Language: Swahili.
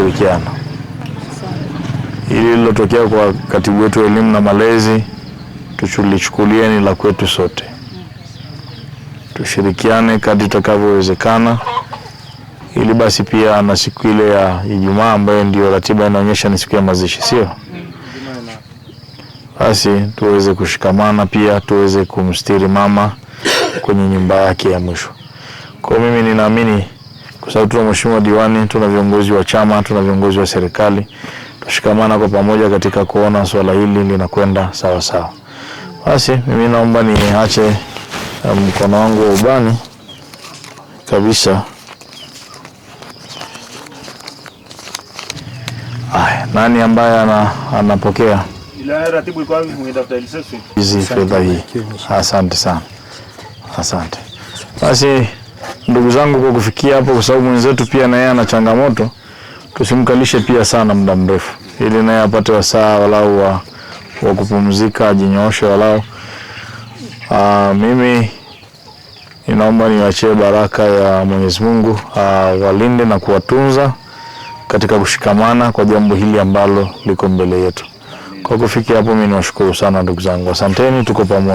ushirikiano. Hili lilotokea kwa katibu wetu wa elimu na malezi tulichukulia ni la kwetu sote, tushirikiane kadri itakavyowezekana, ili basi pia na siku ile ya Ijumaa ambayo ndio ratiba inaonyesha ni siku ya mazishi, sio basi tuweze kushikamana pia tuweze kumstiri mama kwenye nyumba yake ya mwisho. Kwa mimi ninaamini kwa sababu tuna mheshimiwa diwani, tuna viongozi wa chama, tuna viongozi wa serikali, tushikamana kwa pamoja katika kuona swala hili linakwenda sawa sawa. Basi mimi naomba niache um, mkono wangu wa ubani kabisa. Aya, nani ambaye ana, anapokea hizi fedha hii? Asante sana, asante basi ndugu zangu, kwa kufikia hapo, kwa sababu mwenzetu pia na yeye ana changamoto, tusimkalishe pia sana muda mrefu, ili naye apate wasaa walau wa, wa kupumzika, ajinyooshe walau. Aa, ah, mimi ninaomba niwachie baraka ya Mwenyezi Mungu walinde na kuwatunza katika kushikamana kwa jambo hili ambalo liko mbele yetu. Kwa kufikia hapo, mimi niwashukuru sana ndugu zangu, asanteni, tuko pamoja.